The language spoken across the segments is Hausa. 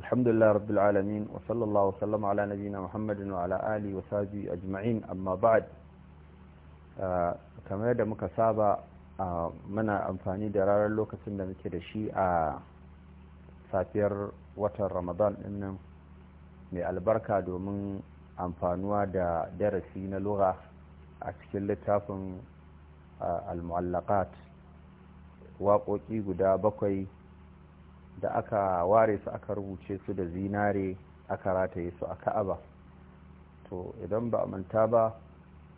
الحمد لله رب العالمين وصلى الله وسلم على نبينا محمد وعلى آله وصحبه أجمعين أما بعد kamar da muka saba mana amfani da ranar lokacin da muke da shi a safiyar watan ramadan dinnan mai albarka domin amfanuwa da darasi na lura a cikin littafin al-mu'allaqat waƙoƙi guda bakwai da aka ware su aka rubuce su da zinare aka rataye su a ka'aba to idan ba a manta ba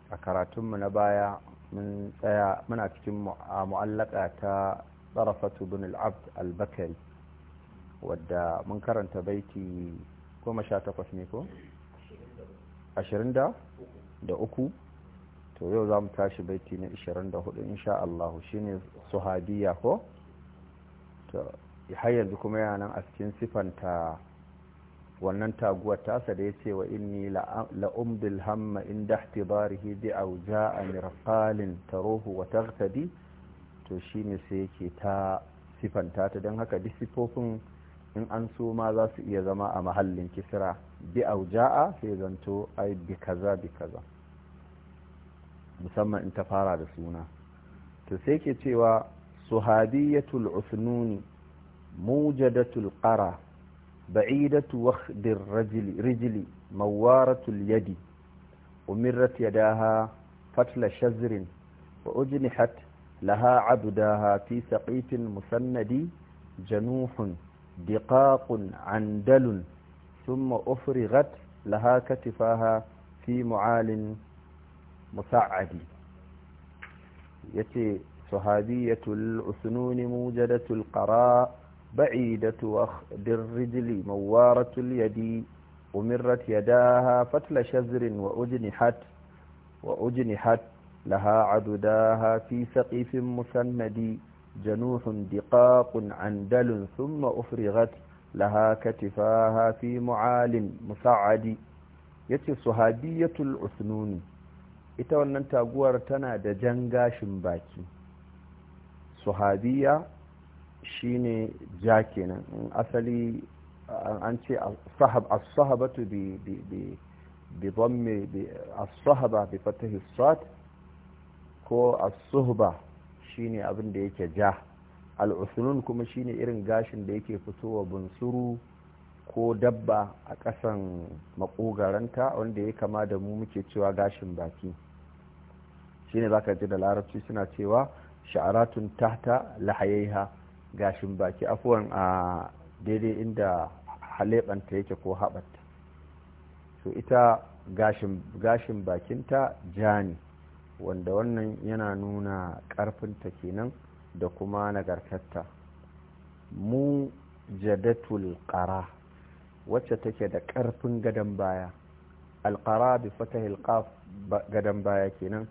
a karatunmu na baya mun tsaya muna cikin mu'allaka ta tsarafatu bin al'abd al-bakari wadda mun karanta baiti goma sha takwas ne ko? ashirin da uku to yau za mu tashi baiti na ashirin da hudu insha shine suhadiya ko? har yanzu kuma yana nan a cikin sifanta wannan taguwar tasa da ya ce wa inni la'um bil hamma in dahti barihi bi wuja a mirqalin taruhu wa tartadi to shine sai yake ta sifanta ta don haka disipofin in an so ma za su iya zama a mahallin kisra bi auja'a sai zanto ai bi kaza bi kaza musamman in ta fara da suna to sai ke cewa suhabiyatul usnuni موجدة القرى بعيدة وخد الرجل رجل موارة اليد أمرت يداها فتل شزر وأجنحت لها عبداها في سقيف مسند جنوح دقاق عندل ثم أفرغت لها كتفاها في معال مسعد يتي صحابية الأسنون موجدة القراء بعيدة أخد الرجل موارة اليد أمرت يداها فتل شزر وأجنحت وأجنحت لها عدداها في سقيف مسند جنوح دقاق عندل ثم أفرغت لها كتفاها في معال مسعد يتي صهابية العثنون إتوانا تقوار تنا دجنغا شمباكي jan shine ja kenan in asali an ce as to bi bi bi bi as-sahaba bi fatahi sad ko as-suhba shine abin da yake ja al-usulun kuma shine irin gashin da yake fitowa bunsuru ko dabba a ƙasan makogaranta wanda ya kama da mu muke cewa gashin baki shine baka ji da larabci suna cewa sha'aratun tahta lahayaiha gashin baki afuwan a daidai inda halebanta yake ko haɓata so ita gashin, bakinta jani wanda wannan yana nuna ƙarfinta kenan da kuma nagartatta mu jadatul ƙara wacce take da ƙarfin gadon baya alƙara bi fata gadon baya kenan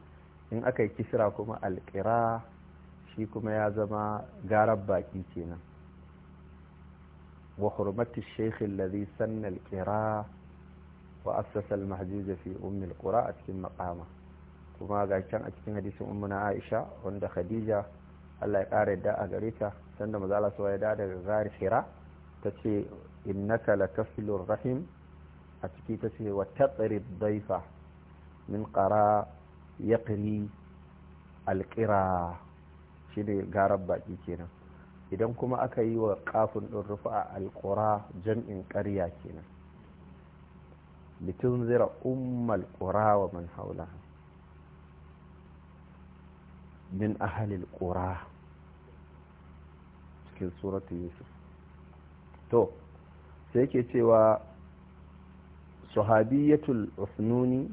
in aka yi kisira kuma alƙira shi kuma ya zama garar baki kenan wa hurmatu shaykh alladhi sanna al-qira wa assasa al-mahjuj fi umm al-qura a cikin maqama kuma ga can a cikin hadisin ummuna Aisha wanda Khadija Allah ya kare da a gare ta sanda maza Allah ya da daga gari Hira tace innaka lakasilur rahim a ciki tace wa tatrid daifa min qara yaqri al-qira shine garar baki kenan idan kuma aka yi wa kafin ɗin rufa alƙura jam'in ƙarya kenan litin zira ummal ƙura wa man haula min ahalil ƙura cikin suratu yusuf to sai ke cewa sahabiyatul usnuni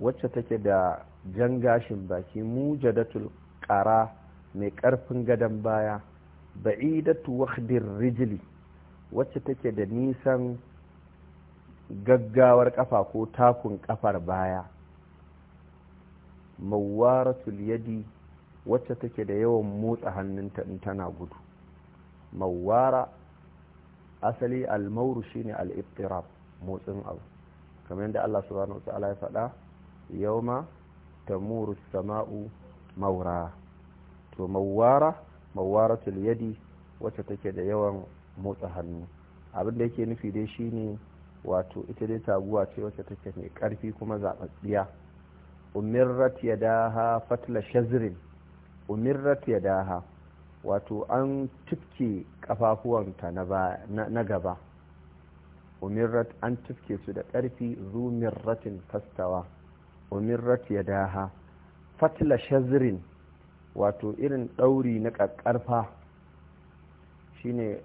wacce take da jan gashin baki mujadatul ƙara mai ƙarfin gadon baya ba'idatu wakhdin rijili wacce take da nisan gaggawar kafa ko takun kafar baya mawaratul yadi wacce take da yawan motsa hannunta in tana gudu mawara asali almauru shine al-ibtirab motsin abu kamar yadda Allah subhanahu wa ta'ala ya faɗa yawma tamuru sama'u maura wato mawara mawaratul yadi wacce take da yawan motsa hannu abin da yake nufi dai shine wato ita dai taguwa ce wacce take mai karfi kuma zaɓaɓɓiya umirrat yadaha fatla shazrin umirrat yadaha wato an tufke kafafuwanta na gaba umirrat an tufke su da ƙarfi zumirratin fastawa umirrat yadaha fatla shazrin wato irin ɗauri na ƙaƙƙarfa shine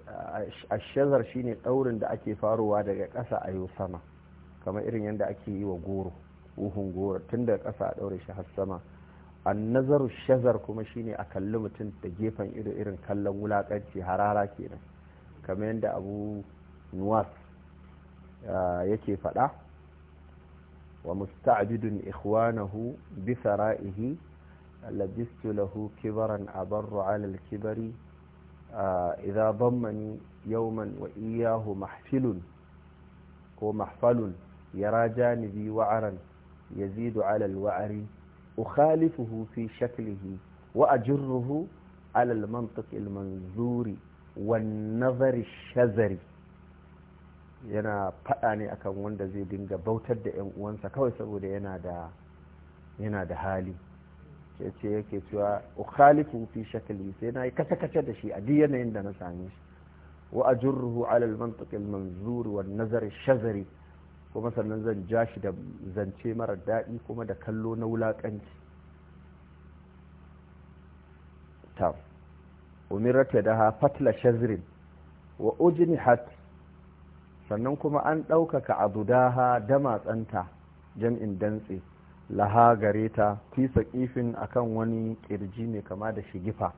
ashazar shine ɗaurin da ake farowa daga ƙasa a yau sama kamar irin yadda ake yi wa goro uhun goro tun daga ƙasa a ɗaure shi har sama annazaru shazar kuma shine a kalli mutum da gefen ido irin kallon wulaƙanci harara kenan kamar yadda abu nuwas yake faɗa wa musta'abidun ikhwanahu bi sara'ihi labistu lahu kibaran abarru ala al-kibari idza dammani yawman wa iyyahu mahfilun ko mahfalun yara janibi wa'aran yazidu ala al-wa'ri ukhalifuhu fi shaklihi wa ajruhu ala al-mantiq al-manzuri wan nazari shazari yana faɗa ne akan wanda zai dinga bautar da 'yan uwansa kawai saboda yana yana da hali ya ce yake cewa ukhalifu fi shakli sai na yi kace-kace da shi a duk yanayin da na same shi wa ajurruhu ala al-mantiq al wa an-nazar kuma sannan zan ja shi da zance mara daɗi kuma da kallo na wulaƙanci ta umirat da fatla shazrin wa ujnihat sannan kuma an ɗaukaka abudaha da matsanta jam'in dantse laha gare ta fi saƙifin akan wani ƙirji mai kama da shigifa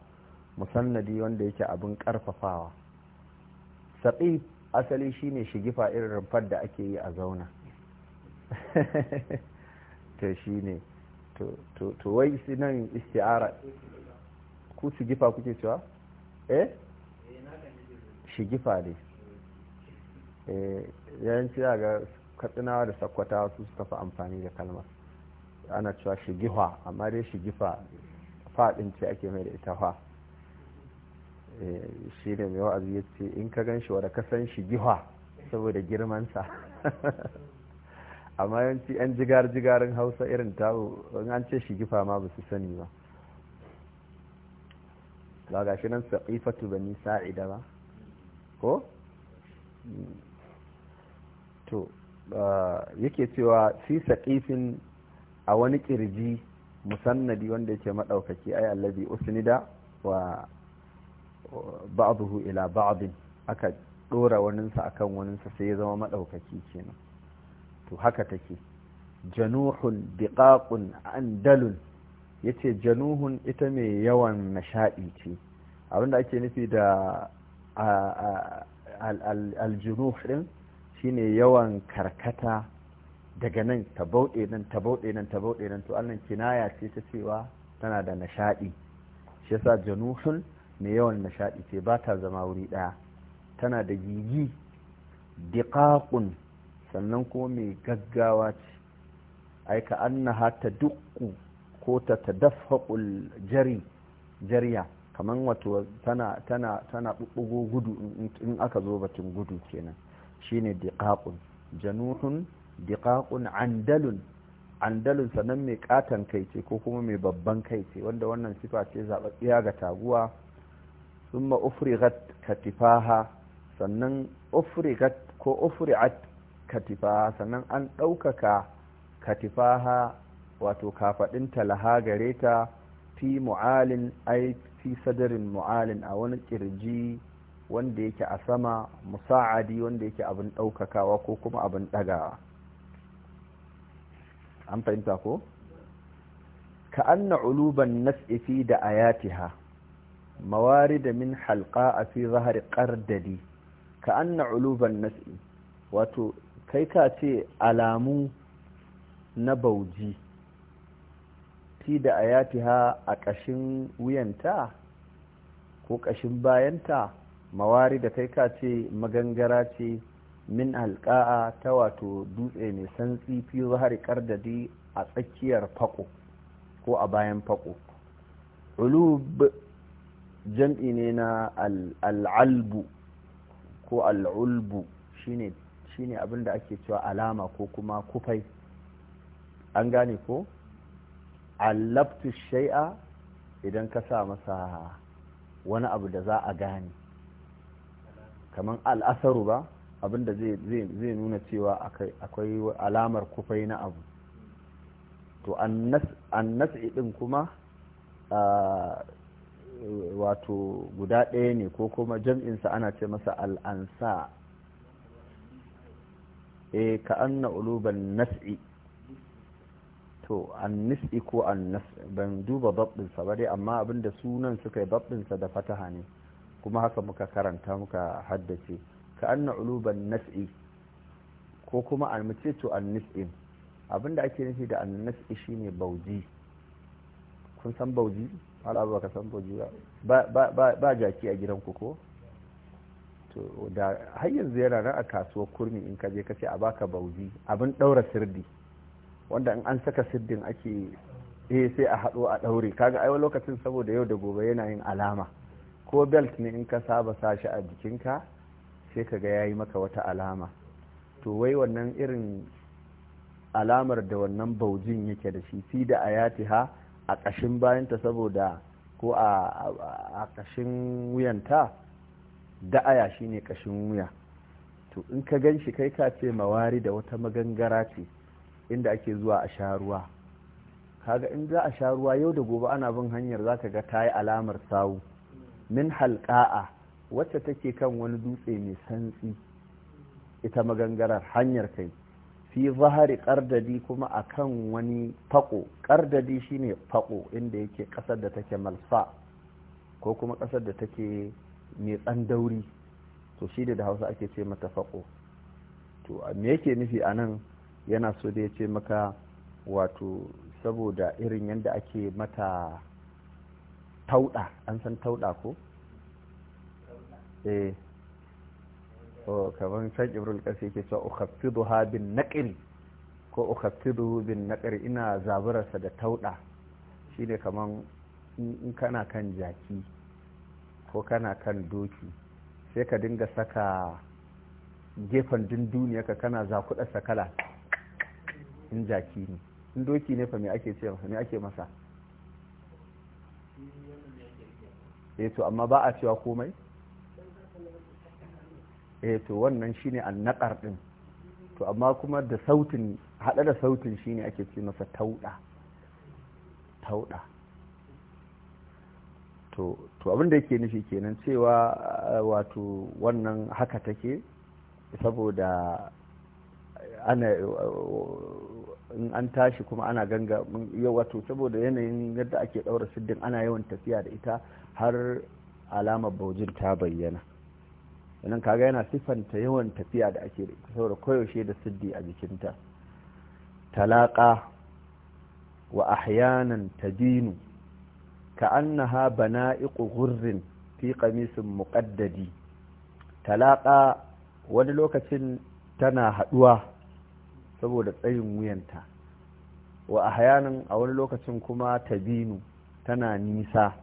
musannadi wanda yake abin ƙarfafawa saƙi asali shine shigifa irin rumfar da ake yi a zauna to shine to wai nan isti'ara ku shigifa kuke cewa eh shigifa ne eh yayin ga katsinawa da sakwata su suka fi amfani da kalmar ana cewa shigifa amma dai shigifa faɗin ce ake mai da ita fa eh, shi ne mai wa'azi ya ce in ka gan shi wadda ka san shigifa saboda girmansa amma yanci 'yan jigar-jigarin hausa irin tawo in an ce shigifa ma ba su sani ba ba ga shi nan ba bani sa'ida ba ko? Hmm. to ah, yake cewa fi saƙifin a wani kirji musannadi wanda yake maɗaukaki ay allazi usnida wa ba'dahu ila ba'd aka dora sa akan sa sai ya zama madaukaki kenan to haka take januhun biqaqun andalun yace januhun ita mai yawan nashadi ce abinda ake nufi da al-junuh din shine yawan karkata daga nan ta bauɗe nan ta bauɗe nan ta bauɗe nan to annan kinaya ce ta cewa tana da nishaɗi shi yasa januhun mai yawan nishaɗi ce ba ta zama wuri ɗaya tana da gigi diƙaƙun sannan kuma mai gaggawa ce ai ka annaha ta dukku ko ta tadaffaqul jari jariya kaman wato tana tana tana gudu in aka zo bakin gudu kenan shine diqaqun januhun diqaqun andalun andalun sanan mai katan kai ce ko kuma mai babban kai ce wanda wannan sifa ce zababbiya ga taguwa thumma ufrigat katifaha sannan ufrigat ko ufriat katifaha sannan an ɗaukaka katifaha wato kafaɗinta laha gare ta fi mu'alin ai fi sadarin mu'alin a wani kirji wanda yake a sama musa'adi wanda yake abin ɗaukakawa ko kuma abin ɗagawa an fahimta ko ka anna uluban nas'i fi da ayatiha mawarida min halqa fi zahri qardadi ka anna uluban nas'i wato kai ka ce alamu na bauji fi da ayatiha a ƙashin wuyanta ko ƙashin bayanta mawari da kai ka ce magangara ce min alƙa'a ta wato dutse mai santsi fi zahari kardadi a tsakiyar fako ko a bayan fako ulub jam'i ne na al'albu ko al'ulbu shine shine abin da ake cewa alama ko kuma kufai an gane ko allabtu shai'a idan ka sa masa wani abu da za a gane kamar al'asaru ba abinda zai nuna cewa akwai alamar kufai na abu to nasi din kuma wato guda ɗaya ne ko kuma jam'insa ana ce masa al'ansa e ka anna uluban nas'i to annis'i ko annas ban duba babbinsa ba dai amma abinda sunan suka yi babbinsa da fataha ne kuma haka muka karanta muka haddace ka anna uluban nas'i ko kuma an mace to annis'in abinda ake nufi da an nas'i shine bauji kun san bauji ala ba ka san bauji ba ba jaki a gidanku ko to da har yanzu yana nan a kasuwar kurmi in ka je ka ce a baka bauji abin daura sirdi wanda in an saka sirdin ake eh sai a hado a daure kaga ai lokacin saboda yau da gobe yana yin alama ko belt ne in ka saba sashi a jikinka sai ka ga ya yi maka wata alama to wai wannan irin alamar da wannan baujin yake da shi fi da ha a ƙashin bayanta saboda ko a ƙashin wuyanta da'aya ne ƙashin wuya to in ka gan shi kai ka ce mawari da wata magangara ce inda ake zuwa a sha ruwa kaga in za a sha ruwa yau da gobe ana bin hanyar za ka ga ta yi alamar sawu min halka'a. wacce take kan wani dutse mai santsi ita magangarar hanyar kai fi zahari kardadi kuma a kan wani fako kardadi shine fako inda yake kasar da take malfa ko kuma kasar da take mai tsandauri to shi da hausa ake ce mata fako to me yake nufi a nan yana so da ya ce maka wato saboda irin yadda ake mata tauɗa an san tauɗa ko eh o oh, kaman sai ibrul kasi ke cewa ha bin naqri ko ukhaffiduhu bin naqri ina zaburarsa da tauda shine kaman in kana kan jaki ko kana kan doki sai ka dinga saka gefen dunduniya ka kana zakuda sakala in jaki ne in doki ne fa me ake ce masa me ake masa eh to amma ba a cewa komai eh to wannan shine annaqar din to amma kuma da sautin hada da sautin shine ake ce masa tauda tauda to to abin da yake nufi kenan cewa eh, wato wannan haka take saboda ana in an tashi kuma ana ganga yau wato saboda yanayin yadda ake daura siddin ana yawan tafiya da ita har alamar baujin ta bayyana wannan kaga yana siffanta yawan tafiya da ake da ita saboda koyaushe da siddi a jikinta talaƙa wa ahyanan tadinu annaha bana'iqu ghurrin fi qamisin muqaddadi talaƙa wani lokacin tana haduwa saboda tsayin wuyanta wa ahyanan a wani lokacin kuma tadinu tana nisa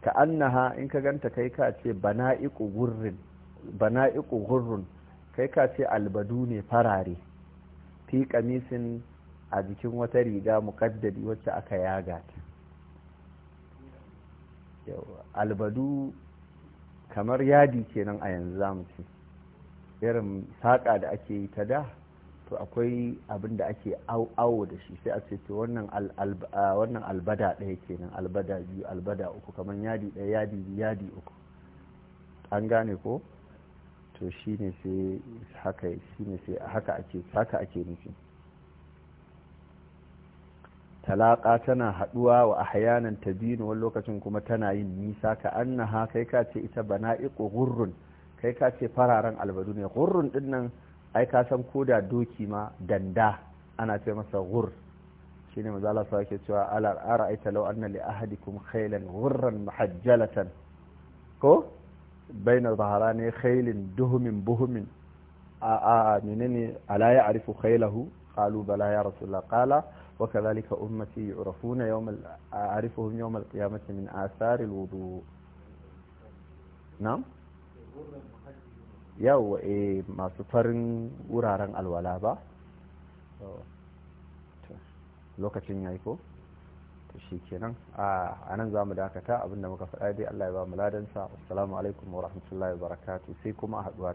ka annaha in ka ganta kai ka ce bana gurrun kai ka ce albadu ne farare fi kamisin a jikin wata riga mukaddadi wacce aka yaga ta albadu kamar yadi kenan a yanzu zamu ce irin saƙa da ake yi ta da to akwai abin da ake awo da shi sai a ce to wannan albada ɗaya kenan albada biyu albada uku kamar yadi ɗaya yadi biyu yadi uku an gane ko to shine sai haka shine sai haka ake haka ake nufi talaka tana haduwa wa ahyanan tabinu wani lokacin kuma tana yin nisa ka annaha kai ka ce ita bana'iqu gurrun kai ka ce fararen albadu ne gurrun dinnan ai ka san koda doki ma danda ana ce masa ghur shine manzo Allah sai yake cewa ala ara'aita law anna li ahadikum khaylan ghurran muhajjalatan ko baina dhahrani khaylin duhumin buhumin a a menene ala ya'rifu khaylahu qalu bala ya rasulullah qala وكذلك أمتي يعرفون يوم أعرفهم يوم القيامة من آثار الوضوء نعم yau e masu farin wuraren alwala ba lokacin ya yi ko to shi kenan a nan za mu dakata abinda muka faɗa dai Allah ya ba mu ladansa assalamu alaikum wa rahmatullahi wa barakatuh sai kuma a haɗuwa